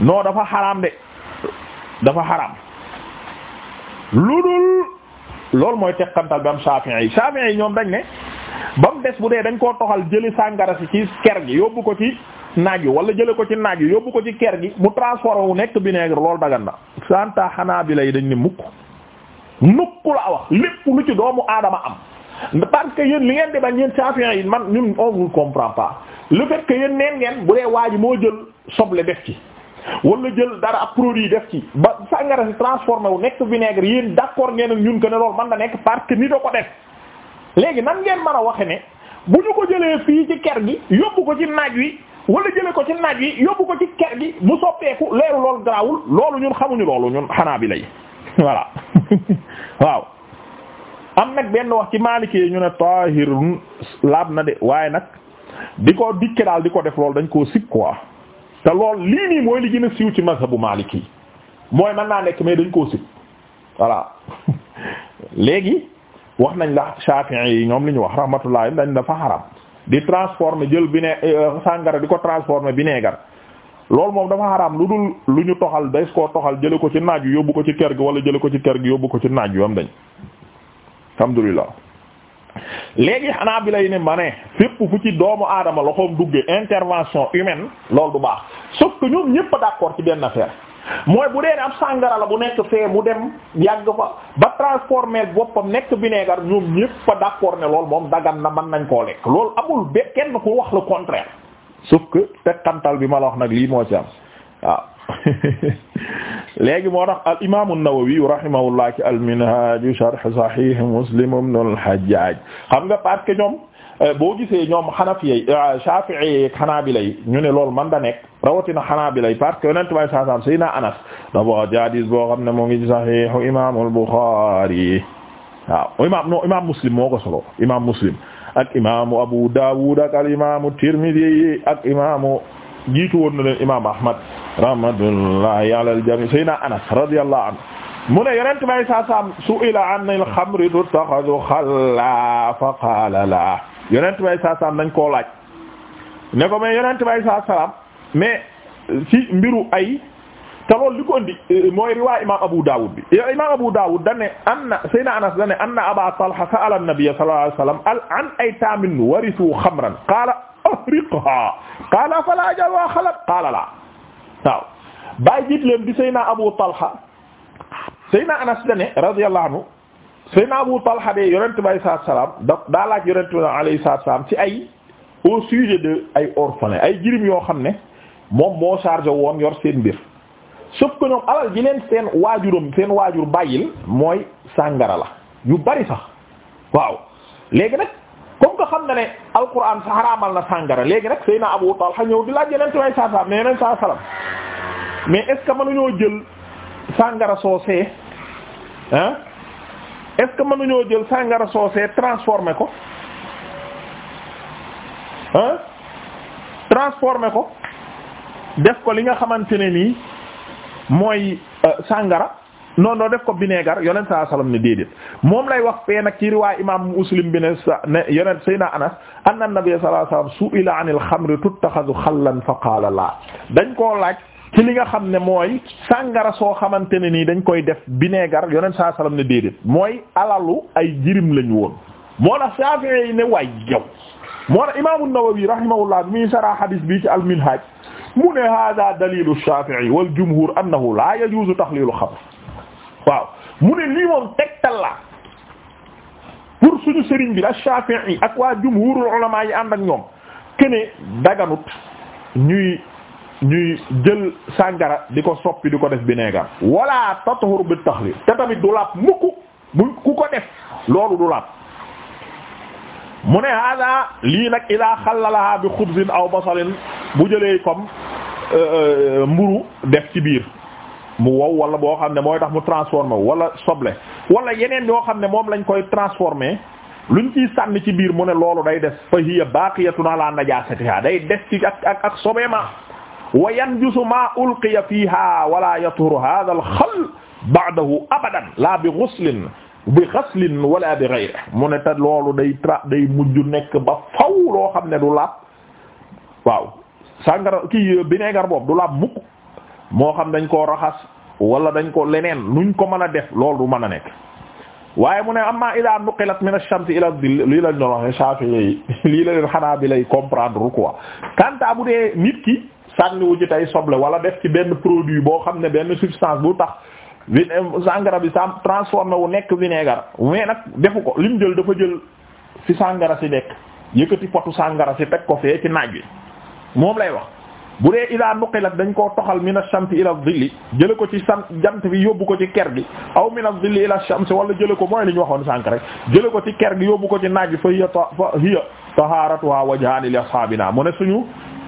non dafa xaram de dafa xaram lu dul loolu mooy teqantal bi am Shafi'i yi Shafi'i yi ñoom dañ ne ba mu des bu dee dañ koo toxal jëli sàngara si ci ker gi yóbbu ko ci naaj wi wala jële ko ci naaj wi yóbbu ko ci ker gi mu transformé wu nekk vinaigre loolu dagan santa xanaa bi lay dañ ne mukk nukk la wax lépp lu ci doomu aadama am parce que yéen li ngeen di bañ yéen Shafi'i yi man ñun on vous comprend pas le fait que neen ngeen bu dee waa ji moo jël soble def ci wala jël dara ab produit yi def ci ba sàngara si transformé wu nekk vinaigre yéen d'accord ngeen ak ñun que ne loolu man da nekk parce ni da ko def léegi nag ngeen man a waxe ne bu ñu ko jëlee fii ci ker gi yóbbu ko ci naaj wi wala jëlee ko ci naaj wi yóbbu ko ci ker gi mu soppeeku leeru loolu garaawul loolu ñun xamuñu loolu ñun xanaa bi lay voilà waaw am nag benn wax ci Maliki yi ñu ne tahirun laab na de waaye nag di ko dikke daal di ko def loolu dañ koo sib te lool lii nii mooy li gën a siiw ci mazhabu maliki mooy mën naa nekk mais dañ koo sib voilà léegi wax nañ la Shafi'i yi ñoom li ñu wax rahmatullah dañ dafa xaram di transformer jël bine euh, sàngara di ko transformer vinaigre loolu moom dafa xaram lu dul lu ñu toxal des koo toxal jële ko ci naaj wi yóbbu ko ci kër gi wala jële ko ci kër gi yóbbu ko ci naaj wi am dañ alhamdulillah léegi xanaa bi lay ne ma ne fépp fu ci doomu aadama loxoom duggee intervention humaine loolu du baax sauf que ñoom ñépp a d'accord ci benn affaire mooy bu dee ne ab sàngara la bu nekk fee mu dem yàgg fa ba transformer boppam nekk vinaigre ñoom ñépp a d'accord ne loolu moom dagan na man nañ koo lekk loolu amul be kenn ku wax la contraire sauf que tekkantal bi ma la wax nag lii moo ci am waaw léegi moo tax al imaamu Nawawi rahimahullah ci al minhaj sharh sahih Muslim ibn al Hajjaj xam nga parce que ñoom euh, boo gisee ñoom Hanafi euh, Shafi'i ak Hanabila ñu ne loolu man da nekk rawatina Hanabila parce que yonent bay saasaam Seydina Anas dafa jaadis boo xam ne moo ngi ci sahihu imaamul Bukhari waaw imaam non imaam Muslim moo ko solo imaam Muslim ak imaamu Abu Dawud ak al imaamu Tirmidhi ak imaamu jiitu woon na leen imaam Ahmad rahmatullahi ala al-jami sayyidina Anas radiyallahu anhu mu ne yonent may saa saam su'ila an al-khamri tuttakhadhu khalla fa qala la yonent may saa saam nañ koo laaj ne ko mais yonent may saa saam mais ci mbiru ay te loolu li ko indi euh, mooy riwaay imam Abu Dawud bi imam Abu Dawud dane anna sayyidina Anas dane anna Aba Talha sa'ala an-nabiy sallallahu alayhi wasallam an aytamin warithu khamran qala ahriqha qala fala ajalwa khalat qala la waaw bàyyi jiit leen di Seyna Abu Talha Seyna Anas dane radiyallahu anhu Seyna Abu Talha de yonent bi alayhi salaam da daa laaj bi ci ay au ay orphelins jirim yoo xam ne moom moo chargé woon yor seen mbir sauf que ñoom alal ji leen seen waajuram seen waajur bàyyil mooy sàngara la yu bari sax waaw léegi nag comme que xam na ne alquran a xaraamal na sàngara léegi nag Seyna Abu Talha ñëw di laaj yeneen way saa salaam mais yeneen saa salaam mais est ce que mënuñoo jël sàngara soosee ah est ce que mënuñoo jël sàngara soosee transformé ko ah transformé ko def ko li nga xamante ne nii mooy euh, sàngara non non def ko vinaigre yonent saa salaam ne déedéet moom lay wax fee nag ci riwaay imaam muslim bi ne sa ne yonent Seydina Anas anna nabi sallallahu alayhi wasallam su'ila anil xamri tuttaxazu xallan fa qaala laa dañ koo laaj ci li nga xam ne mooy sàngara soo xamante ne nii dañ koy def vinaigre yonent saa salaam ne déedéet mooy alalu ay jirim lañu woon moo la Shafi'i yi ne waay yow moo tax imaam an-Nawawi rahimahullah bi muy sarah hadis bi ci al-Minhaj mu ne hada dalilu Shafi'i wal jumhur annahu la yajuzu taxlilu xamr waaw mu ne lii moom tegtal la pour suñu sëriñ bi la Shafi'i ak waa jumhurul ulama yi ànd ak ñoom kene daganut ñuy ñuy jël sàngara di ko soppi di ko def vinaigre wala tatahur bi taxliil te tamit du laab mukk bu ku ko def loolu du laab mu ne hada lii nag ila xallalaha bi xubsin aw basalin bu jëlee comme euh, euh, mburu def ci biir mu wow wala boo xam ne mooy tax mu transformé wala soble wala yeneen yoo xam ne moom lañ koy transformé luñ ciy sànni ci biir mu ne loolu day des fa hiya baqiyatun ala najasatiha day des ci ak ak ak sobeema wa yanjusu ma ulqiya fiha wala yathuru hadha xal ba'dahu abadan la bi ghuslin bi ghaslin wala bi ghayri mu ne te loolu day tra day mujj nekk ba faw loo xam ne du laab waaw sàngara kii vinaigre boobu du laab mukk moo xam dañ koo raxas wala dañ ko leneen nuñ ko mën a def loolu du mën a nekk waaye mu ne amma ila nuqilat min ash-shams ila dhill lii lañ doon wax Shafi'i lii la leen xanaa bi lay comprendre quoi kanta bu dee nit ki sànniwu tey soble wala def ci benn produit boo xam ne benn substance bu tax sangara bi sam transformé wu nekk vinaigre mais nag defu ko lim jël dafa jël fi sangara si nekk yëkkati potu sangara si teg ko fee ci naaj wi moom lay wax bu dee ila nuqilat dañ koo toxal min ash-shams ila dhilli jële ko ci san jant bi yóbbu ko ci ker gi aw min adh-dhilli ila ash-shams wala jële ko mooy li ñu waxoon sànq rek jële ko ci ker gi yóbbu ko ci naaj bi fa hiya fa hiya taharatuha wajhani li ashabina mu ne suñu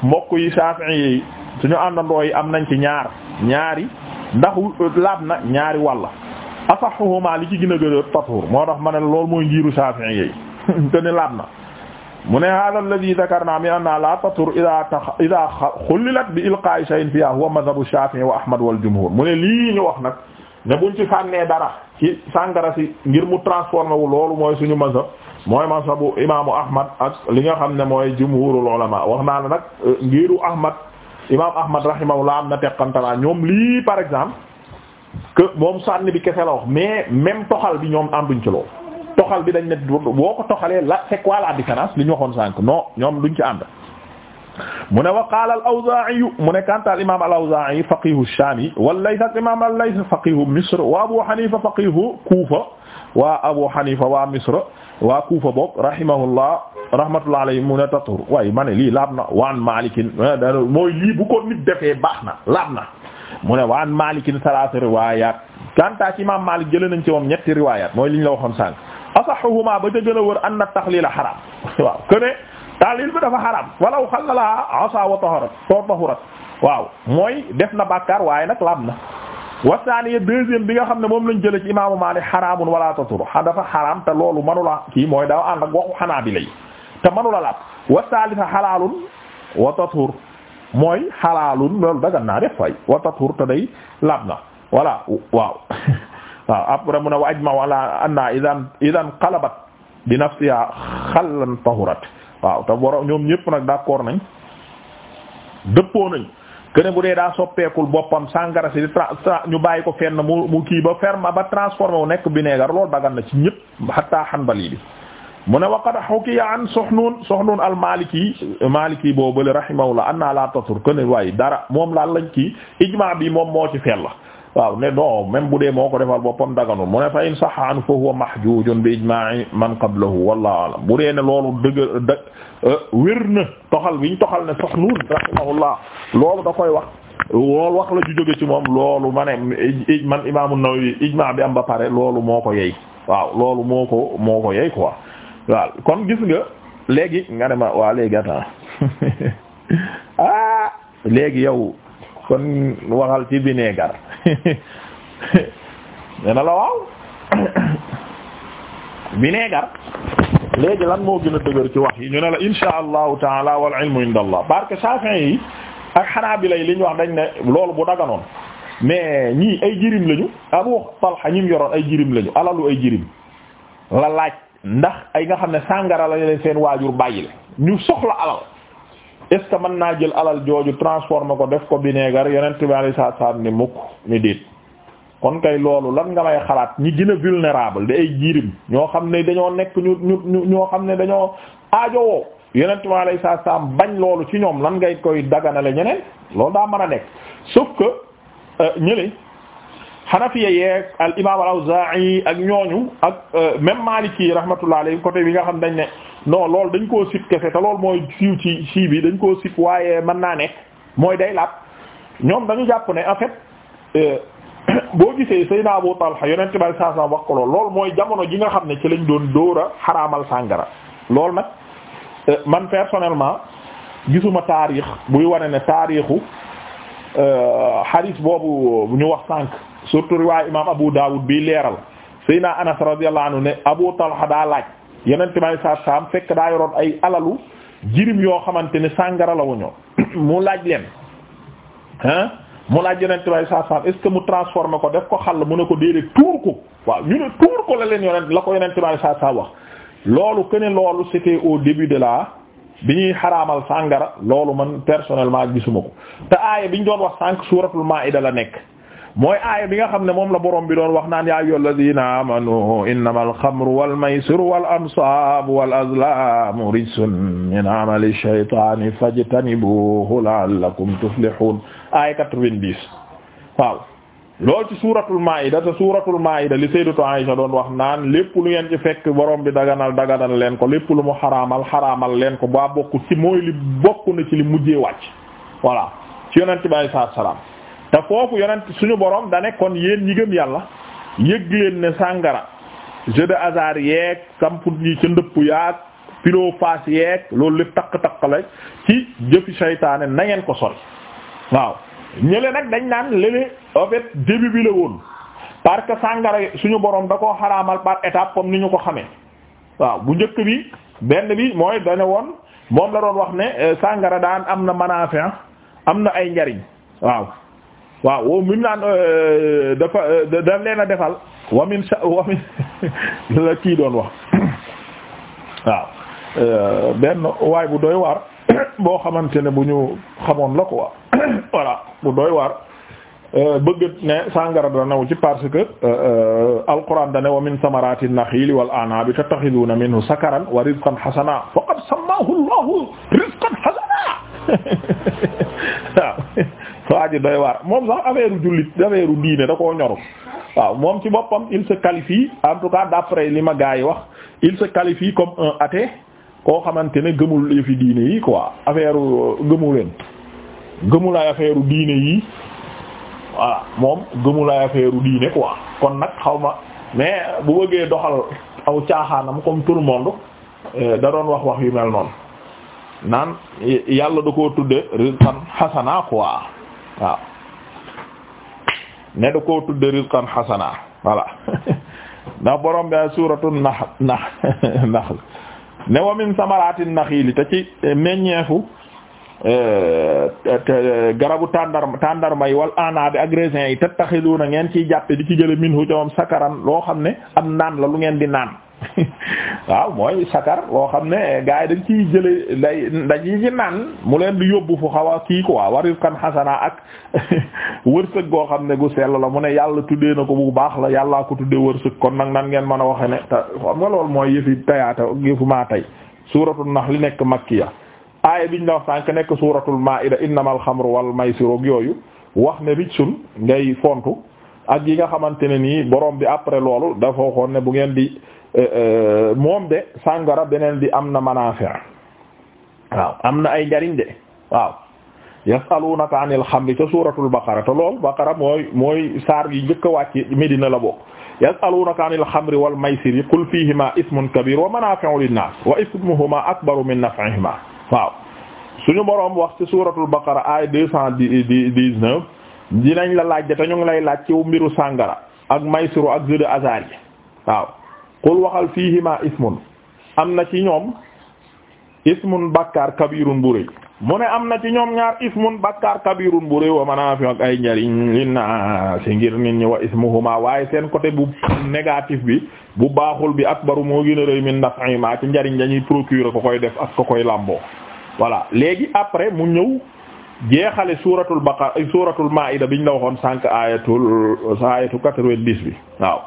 mbokk yi Shafi'i yi suñu àndandoo yi am nañ ci ñaar ñaari ndax laab na ñaari wàlla asahuhuma li ci gën a gën a tatuur moo tax ma ne loolu mooy njiiru Shafi'i yi te ne laab na mu ne hada alladi dakarna min anna la tatur ida ida xullilat bi ilqaa'i shay'in fiha huwa madhabu shafi'i wa ahmad wal jumhur mu ne lii ñu wax nag ne buñ ci sànnee dara ci sàngara si ngir mu transformé wu loolu mooy suñu mazhab mooy mazhabu imaamu ahmad ak li nga xam ne mooy jumhurul ulama wax naa la nag euh, ngiru ahmad imam ahmad rahimahullah am na teqantalaa ñoom lii par exemple que moom sànni bi kese la wax mais même toxal bi ñoom ànduñ ci loolu toxal bi dañ ne boo ko toxalee la c'est quoi la différence li ñu waxoon sànq non ñoom duñ ci ànd mu ne wa qaala mu ne kanta al-imaam al-Awzaa'i faqihu Shaami wal Layth al-imaam al-Layth faqihu Misr wa Abu Hanifa faqihu Kuufa wa Abu Hanifa wa Misr wa Kuufa boog rahimahullah rahmatullah alayhi mu ne tathur waaye ma ne lii laab na wa an Maalikin mooy bu ko nit defee baax na laab na mu ne wa an Maalikin salaasa riwaayaat kanta ci imaam Maalik jëlee nañ ci moom ñetti riwaayaat mooy li ñu la waxoon sànq asaxuhuma ba ca gën a wër anna taxliila xaraam waaw kene taxliil bi dafa xaraam walaw xallala asa wa taharat to tahurat waaw mooy def na bàkkaar waaye nag laab na wasaaniya deuxième bi nga xam ne moom lañ jële ci imaamu Maalik xaraamun wala tatur dafa xaraam te loolu manula kii mooy daa ànd ak waxu xanaabila yi te manula laab wasaalisa xalaalun wa tatur mooy xalaalun loolu dagan naa def fay wa tatur te day laab na voilà waaw waaw après mu ne wa ajma wala anna idan idan qalabat bi nafsiha xallan tahurat waaw te borom ñoom ñépp nag d'accord nañ dëppoo nañ kene bu dee daa soppeekul boppam sàngara si di tra ñu bàyyi ko fenn mu mu kii ba ferme ba transformé wu nekk bineegar loolu dagan na ci ñépp hatta Hanbali bi mu ne waqad hukiya an Suhnun Suhnun al-Maliki Maliki boobu bale rahimahullah anna la tatur kene waaye dara moom laal lañ kii bi moom moo ci fel la waaw ne non même bu dee moo ko defal boppam daganul mu ne fa in sahha an fa huwa mahjujun bi ijma'i man qablahu wallahu alam bu dee ne loolu dëgg dë euh, wér na toxal biñ toxal ne Saxnuun rahimahullah loolu da koy wax loolu wax la ju jóge ci moom loolu ma ne man imaamu Nawawi ijma bi am ba pare loolu moo ko yey waaw loolu moo ko moo ko yey quoi waaw kon gis nga léegi nga ne ma waa léegi attends ah, léegi yow. kon waxal ci vinaigre nee na la waaw vinaigre léegi lan moo gën a dëgër ci wax yi ñu ne la insha allahu taala wal ilmu inda allah parce yi ak Hanabila yi li ñu wax dañ ne loolu bu daganoon mais ñii ay jirim lañu Abu Talha ñim yoroon ay jirim lañu alalu ay jirim la laaj ndax ay nga xam ne sàngara la leen seen waajur bàyyile ñu soxla alal est ce que mën naa jël alal jooju transformer ko def ko vinaigre yonent bi saa saam ni mukk ni déet kon kay loolu lan nga may xalaat ñi gën a vulnérable di ay jirim ñoo xam ne dañoo nekk ñu ñu ñoo xam ne dañoo aajowoo yonent bi saa salaam bañ loolu ci ñoom lan ngay koy daganale ñeneen loolu daa mën a nekk sauf que euh, ñële Hanafiya yeeg al imaam al-Awzaa'i ak ñooñu ak euh, même Maliki rahmatullahi alayhi côté bi nga xam dañ ne non loolu dañ koo sib kese te loolu mooy siiw ci sii bi dañ koo sib waaye mën naa nekk mooy day laab ñoom dañu jàpp ne en euh, boo gisee Seydina Abu Talha yonent bi saa saa wax ko lool loolu mooy jamono ji nga xam ne ci lañ doon dóor a xaraamal sàngara loolu nag euh, man personnellement gisuma taarix buy wane ne taarixu euh, xadiis boobu bu ñu wax sànq surtout riwaay imaam Abu Dawud bi leeral Seydina Anas radiyallahu anhu ne Abu Talha daa laaj. yeneen may saat saam fekk daa yoroon ay alalu jirim yoo xamante ni sàngara la wuñu mu laaj leen hein mu laaj yonent bay saa saam est-ce mu transformé ko def ko xàll mu ne ko déedéet tuur ko waaw ñu ne tuur ko la leen yonent la ko yonent bay saa saam wax loolu que ne loolu c'était au de la bi ñuy xaraamal sàngara loolu man personnellement gisuma ko te aaya bi ñu doon wax sànq suuratul maa'ida la nekk mooy aaya bi nga xam ne moom la borom bi doon wax naan yaa ayyuhal ladina amanu innamal xamru wal maysiru wal ansaabu wal azlaamu rijsun min amali shaytaani fajtanibuhu la'allakum tuflihun aaya 90 waaw loolu ci suuratul maa'ida te suuratul maa'ida li sayyidatu doon wax naan lépp lu ngeen ci fekk borom bi daganal daganal leen ko lépp lu mu xaraamal xaraamal leen ko ba bokk ci mooy li bokk na ci li mujjee wàcc voilà ci yonent bi sallallahu alayhi wasallam te foofu yonent suñu borom da ne kon yéen ñi gëm yàlla yëg leen ne sàngara jeu de hasard yeeg sampu yi ca ndëpp yaag pilo faas yeeg loolu lépp takk-takk la ci jëfi saytaane na ngeen ko sori waaw ñële nag dañ naan lële en fait début bi la woon parce que sàngara suñu borom da ko xaraamal par étape comme ni ñu ko xamee waaw bu njëkk bi benn bi mooy dane woon moom la doon wax ne euh, sàngara daan am na manafin ah, am na ay njariñ waaw waaw wow mi mu naan euh, dafa euh, daf leen a defal wamin sa wamin la kii doon wax waaw euh, benn waay bu doy waar boo xamante ne bu ñu xamoon la quoi voilà bu doy waar bëgg ne sàngara da naw ci parce que alquran da ne wa min samarati naxili wal anabi tattaxiduna minhu sakaran wa rizqan xasana faqad sammahu allahu rizqan xasana waaw waa ji doy waar moom sax affaire jullit affaire diine da koo ñoru waaw moom ci boppam il se qualifie en tout cas d'après li ma gars yi wax il se qualifie comme un athée koo xamante ne gëmul yëfi diine yi affaire gëmu leen gëmul yi voilà moom gëmul ay affaire diine quoi kon nag xaw ma mais bu bëggee doxal aw caaxaanam comme tout monde eh, da doon wax wax yu mel noonu naan yàlla da koo tudde rizqan hasana waaw ne da ko tudde rizqan xasana voilà ndax borom bi ay suuratu nax nax nax ne wa min samaraati naxiili te ci meññeefu eh, garabu tàndarma tàndarma yi wal anaabi ak raisin yi tattaxiduuna ngeen ciy jàppe di ci jële minhu ca moom sakaran loo xam ne am naan la lu ngeen di naan waaw mooy sakar loo xam ne gaa yi dañ ciy jële day dañuy ci naan mu leen di yóbbu fu xaw a kii quoi warif kan xasana ak wërsëg goo xam ne gu sell la mu ne yàlla tuddee na ko bu baax la yàllaa ko tuddee wërsëg kon nag nan ngeen mën a waxe ne te xam nga loolu mooy nax li nekk makkiya aaya biñ la sànk nekk suuratul maa'ida innamal xamru wal maysiru yooyu wax ne rijsun ngay fontu ak yi nga xamante ne nii borom bi après loolu dafa waxoon ne bu ngeen di Eh, eh, moom de sàngara beneen bi am na manaafi' waaw am na ay njariñ de waaw yasalunaka anil xamri ca suuratul baqara te lool baqara mooy mooy saar yi njëkk a wàcc Medina la bokk yasalunaka anil xamri wal maysiri qul fiihima ismun kabir wa manaafi'u linnaas wa ismuhuma akbaru min wax ci suuratul baqara ay deux cent dix-neuf dinañ la laaj te ñu ngi lay laaj ci mbiru sàngara ak maysiru ak jeu de waaw qul waxal fiihima ismun am na ci ñoom ismun bakkaar kabirun bu rëy mu ne am na ci ñoom ñaar ismun bakkaar kabirun bu rëy wa manaafi ak ay njariñ linnaas ngir nit ñi wa ismuhuma waaye seen côté bu négatif bi bu baaxul bi akbaru moo gën a rëy min naf'ima ci njariñ dañuy procurer ko koy def ak ko koy làmboo voilà léegi après mu ñëw jeexale suuratul baqara suuratul maa'ida biñ la waxoon cinq ayatul ayatu quatre-vingt-dix bi waaw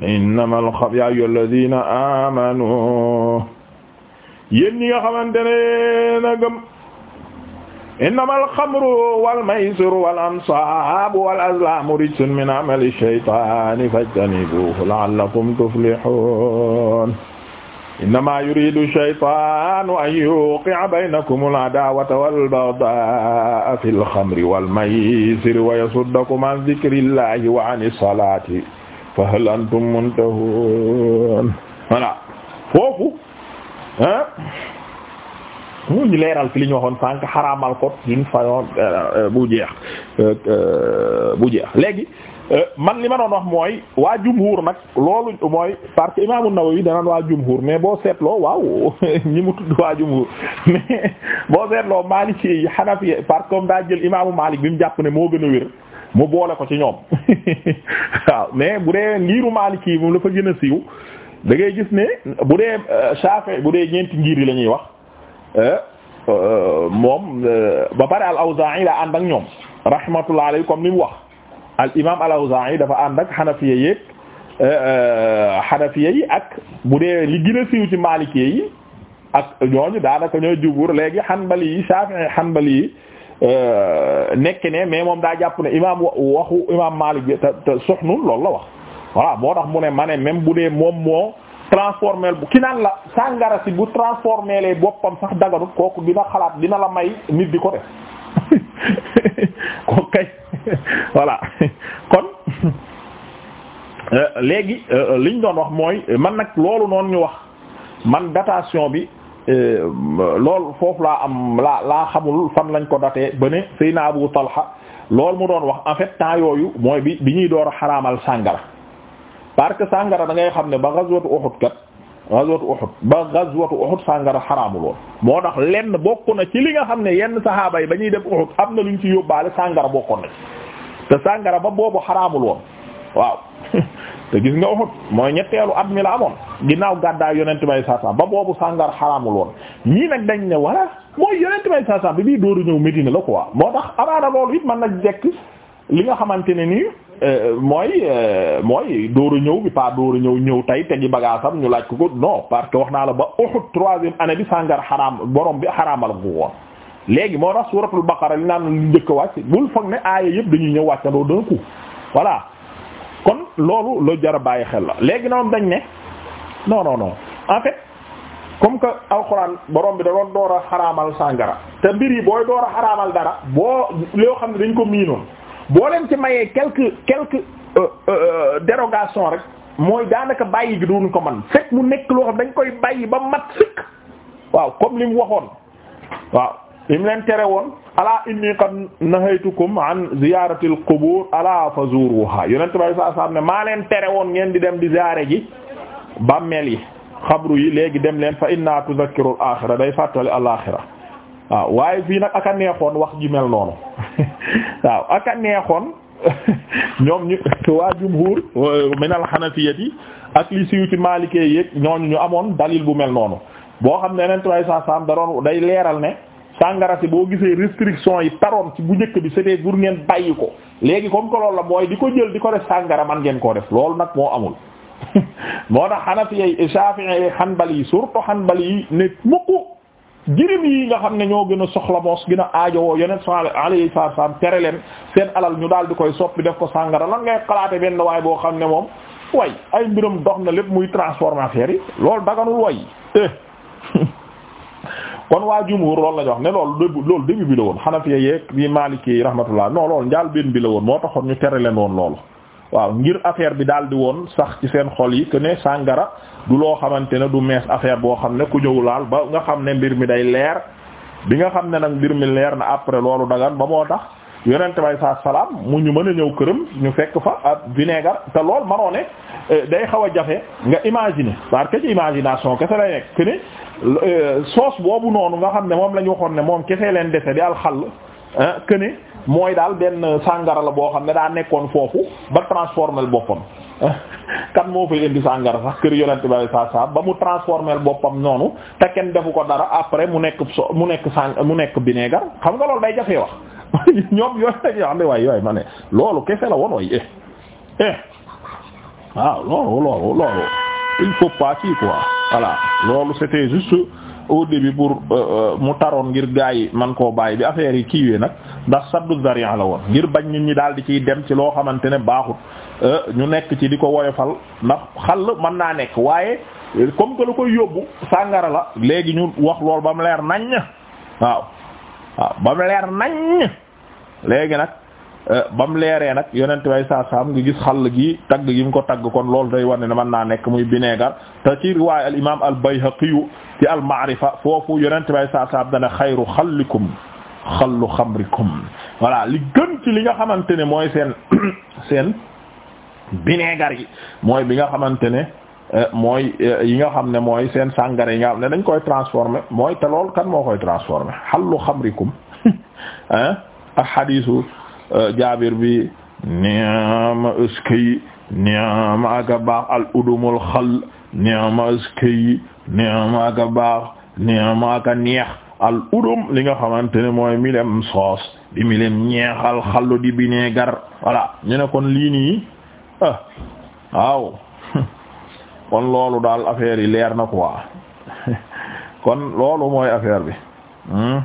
innama alxa yaa ayyuha alladina amanu yéen ñi nga xamante ne na gëm innama alxamru wal maysiru wal ansaabu wal azlaamu rijsun min amali shaytaani fajtanibuuhu la'allakum tuflihuun innama yuridu shaytaanu an yuqi'a baynakum al adaawata wal baghdaa'a fil xamri wal maysiri wa yasuddakum an dikrillahi wa anis salaati fa hal antum muntahun voilà foofu ah mu ñu leeral fi li ñu waxoon sànq xaraamal ko d'une façon euh, euh, bu jeex euh, bu jeex léegi man li ma doon wax mooy waa jumhur nag loolu mooy parce que imaamu Nawawi danaan waa jumhur mais boo seetloo waaw ñi mu tudd waa jumhur mais boo seetloo Maliki yi Hanafi parce que comme daa jël imaamu Malik bi mu jàpp ne moo gën a wiir mu boole ko ci ñoom waaw mais bu dee ngiiru Maliki yi moom la fa gën a siiw da ngay gis ne bu dee euh, Shafi'i bu dee ñeenti ngiir yi la ñuy wax euh, euh, moom ba pare al-Awzaa'i daa ànd ak ñoom rahmatullahi alayhi comme ni mu wax al imaam al-Awzaa'i dafa ànd ak Hanafiya yeeg yi ak bu dee li gën a siiw ci Maliki yi ak ñooñu daanaka ñooy jubur léegi Hanbali yi Shafi'i Hanbali yi Euh, nekk ne mais moom daa jàpp ne imaam waxu imaam Maalik te te soxnul loolu la wax voilà moo tax mu ne ma ne même bu dee moom moo transformé bu ki naan la sàngara si bu transformé lee boppam sax daganut kooku dina xalaat dina la may nit di ko def kooku kay voilà kon euh, léegi euh, liñ doon wax mooy man nag loolu noonu ñu wax man datation bi lool foofu laa am laa laa xamul fan lañ ko datee ba ne Seyna Abu Talha loolu mu doon wax en temps yooyu mooy bi bi ñuy door a xaraamal sàngara parce que sàngara da ngay xam ne ba ghazwatu Uhud kat ghazwatu Uhud ba ghazwatu Uhud sàngara xaraamu lool moo tax lenn bokk na ci li nga xam ne yenn saxaaba yi ba ñuy def Uhud am na luñ ci yóbbaale sàngara bokkoon na te sàngara ba boobu xaraamul woon waaw te gis nga Uhud mooy ñetteelu at mi la amoon ginnaaw gàddaay yonent may saasaa ba boobu sàngar xaraamul woon ñii nag dañ ne wala mooy yonent may saasaa bi bii dooru ñëw Medina la quoi moo tax amaana loolu man nag na li nga xamante ne nii euh, mooy euh, mooy dooru ñëw bi pas dooru ñëw ñëw tey tegi bagaasam ñu laaj ko ko non parce que wax naa la ba Uhud troisième année bi sàngar xaraam borom bi xaraamal ko woon léegi moo tax suuratul baqara li naan lu njëkk wàcc bul foog ne aaya yëpp dañuy ñëw wàccandoo d'un coup voilà loolu lu jar a bàyyi xel la léegi noonu dañ ne non non non en fait comme que alxuraan borom bi da door a xaraamal sàngara te mbir yi booy door a xaraamal dara boo loo xam ne dañ ko miinoon boo leen ci mayee quelque quelque euh, euh, euh, dérogation rek mooy daanaka bàyyi bi duñ ko man fekk mu nekk loo xam dañ koy bàyyi ba mat sëkk waaw comme li mu waxoon waaw li mu leen tere woon alaa inni qad nahaytukum an ziyaaratil qubuur alaa fazuuruha yonent bi saa saa ne maa leen tere woon ngeen di dem di ziyaare ji bàmmeel yi xabru yi léegi dem leen fa inna tudhakkirul day fàttali alaaxira waaw waaye fii nag aka neexoon wax ji mel noonu waaw aka neexoon ñoom ñu waa jumhur min xanafiyati ak li ci maalikee yéeg ñooñu ñu amoon dalil bu mel noonu boo xam ne yonent bi saa saa da doon day leeral ne sàngara si boo gisee restriction yi taroon ci bu njëkk bi c'était pour ngeen bàyyi ko léegi comme que loolu la mooy di ko jël di ko def sàngara man ngeen koo def loolu nag moo amul moo tax Hanafi yi Shafi'i yi Hanbali yi surtout Hanbali yi ne mukk jirim yi nga xam ne ñoo gën a soxla moos gën a aajowoo yeneen s alayhi salaam tere leen seen alal ñu daal di koy soppi def ko sàngara lan ngay xalaate benn waay boo xam ne moom way ay mbiram dox na lépp muy transformer affaire yi loolu daganul way eh. kon waa jumhur loolu la ñu wax ne loolu début lool début bi la woon xanafiya yeeg yi maliki yi rahmatullah non loolu njaal benn bi la woon moo taxoon ñu tere leen woon loolu waaw ngir affaire bi daal di woon sax ci seen xol yi que ne sàngara du loo xamante ne du mees affaire boo xam ne ku ñëw laal ba nga xam ne mbir mi day leer bi nga xam ne nag mbir mi leer na après loolu dagan ba moo tax yonente bay saa salaam mu ñu mën a ñëw këram ñu fekk fa ab vinaigre te lool manoo ne eh, day xaw a jafe nga imagine parce que imagination kese lay nekk que ni eh, boobu noonu nga xam ne moom la ñu waxoon ne moom kese leen dese di alxal que ni mooy daal benn sàngara la boo xam ne daa nekkoon foofu ba transformer boppam kan moo fay indi sàngara sax kër yonente bay saa saa ba mu transformer boppam noonu te kenn defu ko dara après mu nekk mu nekk sang mu nekk vinaigre xam nga loolu day jafe wax. ñoom yooyu la ñuy wax ne waay yooyu ma ne loolu kese la woon waay eh, eh waaw loolu loolu loolu il faut pas kii quoi voilà loolu c'était juste au début pour euh, euh, mu taroon ngir gars man koo bàyyi bi affaire yi kiiwee nag ndax saddu zarian la woon ngir bañ nit ñi daal di ciy dem ci loo xamante ne baaxut euh, ñu nekk ci di ko woyofal ndax xal man naa nekk waaye comme que la koy yóbbu sàngara la léegi ñu wax loolu ba mu leer naññ waaw waaw ba mu leer naññ léegi nag euh, ba leeree nag yonent way saa saam nga gis xàll gi tagg gi mu ko tagg kon loolu day war ne mën naa nekk muy bineegar te ci riwaay al imaam al bayhaqiyu ci al maarifa foofu yonent way saa saam dana xayru xallikum xallu xamrikum voilà li gën ci li nga xamante ne mooy seen seen bineegar yi mooy bi nga xamante ne euh, mooy euh, yi nga xam ne mooy seen sàngara yi nga xam ne dañ koy transformer mooy te lool kan moo koy transformer xallu xamrikum ah ak xadiisu euh, jaabir bi ni'ma askay ni'ma aka baax al udumul xal ni'ma askay ni'ma aka baax ni'ma aka neex al udum li nga xamante ne mooy milem soos di milem ñeexal xallu di bineegar voilà ñu ne kon lii nii ah kon loolu daal affaire yi leer na quoi kon loolu mooy affaire bi hmm?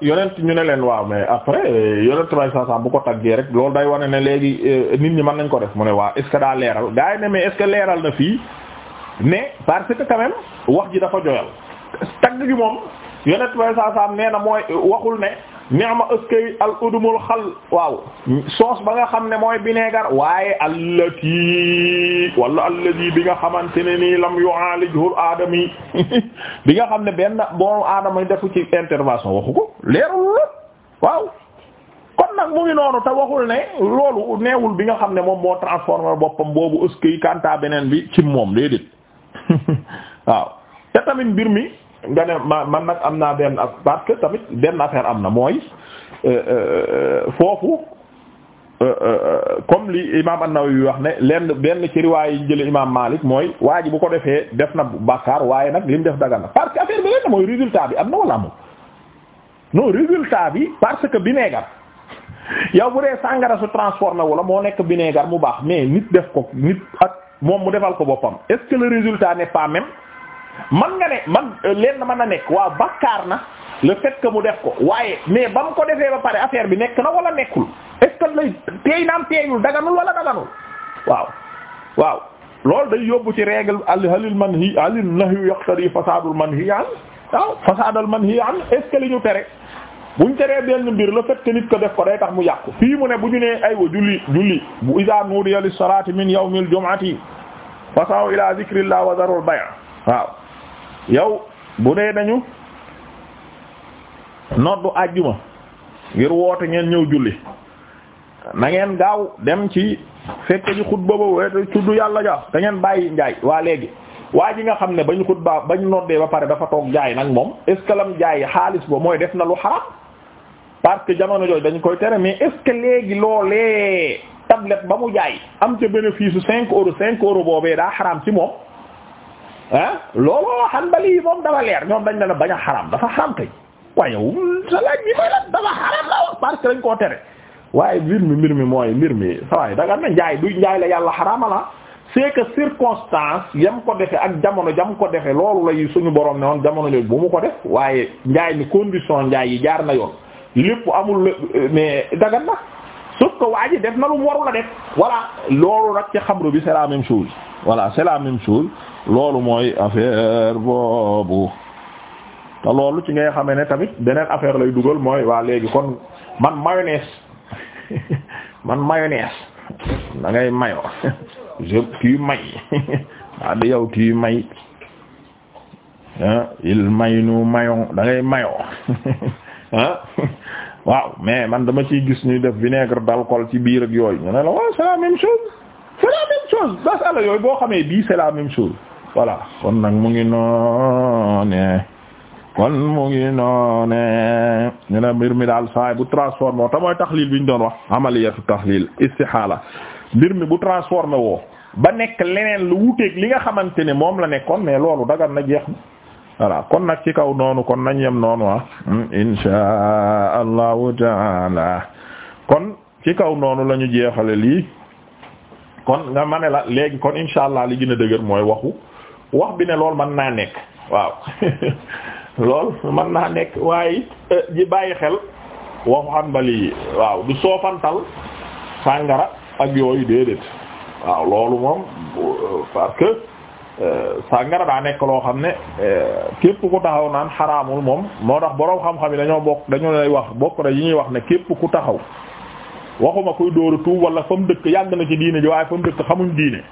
te yonent ñu ne leen waaw mais après euh, yonent may sasam bu ko taggee rek loolu day wane ne léegi euh, nit ñi mën nañ ko def mu ne waaw est daa leeral gaa yi ne mais est leeral na fii ne parce que quand wax ji dafa joyal tagg gi moom yonent may sasam nee na mooy euh, waxul ne ni'ma ëskay al udumul xal waaw soos ba nga xam ne mooy bineegar waaye allati wala alladi bi nga xamante ne nii lam yu'aalijhu aadami bi nga xam ne benn boroom aadama defu ci intervention waxu ko leerul la waaw kon nag mu ngi noonu te waxul ne loolu neewul bi nga xam ne moom moo transformer boppam boobu ëskay kanta beneen bi ci moom déedéet waaw te tamit mbir mi nga ne ma man nag am naa benn parce que tamit benn affaire am na mooy euh, euh, euh, foofu comme li imaam na nawawi wax ne lenn benn ci riwaay yi jële imaam Maalik mooy waa ji bu ko defee def na bàkkaar waaye nag li def daga na parce que affaire bi lenn mooy résultat bi am na wala amul non résultat bi parce que vinaigre yow bu dee sàngara su transformé wala moo nekk vinaigre mu baax mais nit def ko nit ak moom mu defal ko boppam est résultat n'est pas même man nga ne man euh, leen man na nekk waaw bakkaar na le fait que mu def ko waaye mais ba mu ko defee ba pare affaire bi nekk na wala nekkul est-ce que lay teey naam teeyul daganul wala daganul waaw waaw loolu day yóbbu ci règle al halil manhi al nahyu yaqtadi fasadul manhi an waaw fasadul manhi an est-ce que li ñu tere buñ teree benn mbir le fait que nit ko def ko day tax mu yàqu fii mu ne bu ñu nee aywa julli julli bu iza nudiya lis salati min yawmil jum'ati fasaw ila zikrillah wa darul waaw yow bu dee dañu noddu àjjuma ngir woote ngeen ñëw julli na ngeen gaaw dem ci fekk ji xutba ba weete tudd yàlla ja da ngeen bàyyi njaay waa léegi waa ji nga xam ne bañ xutba bañ noddee ba pare dafa toog jaay nag moom est ce que lam jaay xaalis ba mooy def na lu xaram parce que jamono jooju dañ koy tere mais est léegi loolee tablette ba mu jaay am ca bénéfice cinq euros cinq euros boobee daa xaram ci moom ah looloo Hanbali yi moom dafa leer ñoom dañ ne la bañ xaram dafa xaram kay waaye koo tere waaye mbir mi mbir mi mooy mbir mi sawaay da nga na njaay du njaay la yàlla xarama la ah. c'est que circonstance yam ko defe ak jamono jam ko defe loolu lay suñu boroom ne woon jamono jooju bu mu ko def waaye njaay mi condition njaay yi jaar na yoon lépp amul mais dagan na sauf que waa ji def na lu mu warul def voilà loolu nag ci xamru bi c'est la même chose voilà c'est la loolu mooy affaire boobu te loolu ci ngay xamee ne tamit beneen affaire lay dugal mooy waa léegi kon man mayonnaise man mayonnaise da ngay mayo je tu may waa di yow tu may ah il may nu mayon da ngay mayo ah waaw mais man dama ciy gis ñuy def vinaigre kol ci biir ak yooyu ñu ne la waaw c'est la même chose c'est la même chose yooyu boo xamee bii c'est la même voilà kon nag mu ngi noone kon mu ngi noone ñu mbir mi daal saay bu transformé woo te mooy taxlil bi ñu doon wax amaliyatu taxlil istixaala mbir mi bu transformé woo ba nekk leneen lu wuteeg li nga xamante ni moom la nekkoon mais loolu dagan na jeex na voilà kon nag ci kaw noonu kon nañ yem noonu ah hmm. insha allahu taala kon ci kaw noonu la ñu jeexale lii kon nga ma ne la léegi kon insha allah li gën a dëgër mooy waxu wax bi ne lool mën naa nekk waaw lool mën naa nekk waaye ji eh, bàyyi xel waxu Hanbali yi waaw du soofantal sàngara ak yooyu déedéet waaw loolu moom parce eh, sàngara daa nekk loo xam ne eh, képp ku taxaw naan xaraamul moom moo tax boroom xam-xam yi dañoo bokk dañoo lay wax bokk na yi ñuy wax ne képp ku taxaw waxuma kuy dóoru tuub wala fa mu dëkk yàgg na ci diine ji waaye fa mu dëkk xamuñ diine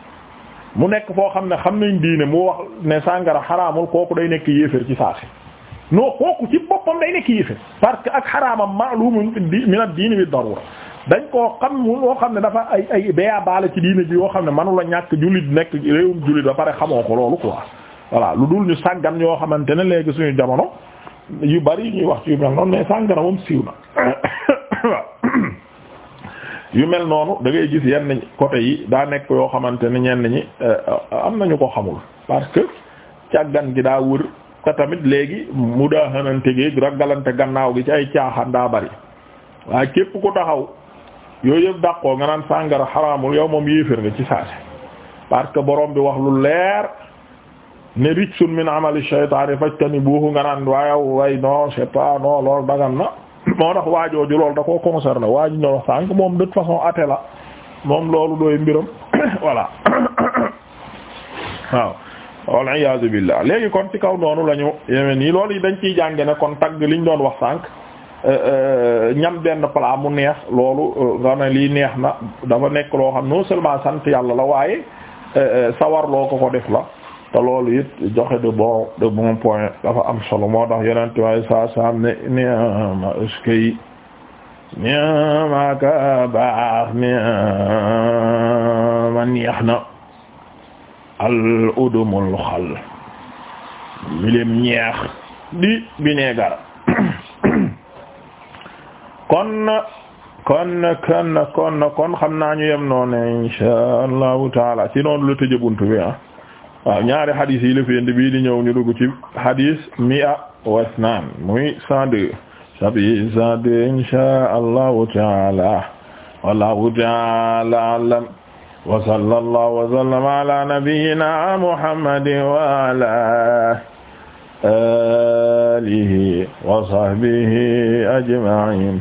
mu nekk foo xam ne xam nañ diine mu wax ne sàngara xaraamul kooku day nekk yéeféer ci saasi non kooku ci boppam day nekk yéeféer parce que ak xaraamam ma'lumun min ad-diin bi darura dañ koo xam mu loo xam ne dafa ay ay baya baale ci diine bi yoo xam ne manu la ñàkk jullit nekk réewum jullit ba pare xamoo ko loolu quoi voilà lu dul ñu sàggan yoo xamante ne léegi suñu jamono yu bari ñuy wax ci yu mel noonu mais sàngara moom siiw na yu mel noonu dangay ngay gis yenn côté yi daa nekk yoo xamante ne ñenn ñi euh, am nañu ko xamul parce que càggan gi daa wër te tamit léegi mu daa xanante gi ragalante gannaaw gi ci ay caaxaan daa bari waaye képp ku taxaw yooyu yëpp dàqoo nga naan sàngara xaraamul yow moom yéefér nga ci saase parce que borom bi wax lu leer ne rijsun min amali shaytaani fajtanibuuhu nga naan waaye way non c'est pas non dagan na moo tax waajooju loolu da koo concerné waaji wax sànq moom de toute ate la moom loolu dooy mbiram voilà waaw wal iyaazu billah léegi kon ci kaw noonu la ñu yeme nii loolu yi dañ ciy jànge na kon tagg liñ doon wax sànq euh, euh, ñam benn plat mu neex loolu euh, nga ne lii neex na dafa nekk loo xam non seulement sant yàlla la waaye sawarloo ko ko def la te loolu it joxe de bon point dafa am solo moo tax yenente way sa sam ne nema ëskey nemaka baax nema neex na al udumul xal milim ñeex di bineegar kon kon kon kon kon xam naa ñu yem noonu insha allahu taala ci noonu lu tëjee buntu bi ah waaw ñaari hadis yi la fiyendi bii di ñëw ñu dugg ci hadis mi'a wa isnan muy cent deux sabi cent deux insha allahu taala wallahu taala alam wa sallallahu wa sallama ala nabiyyina muhammadin wa ala alihi wa sahbihi ajma'in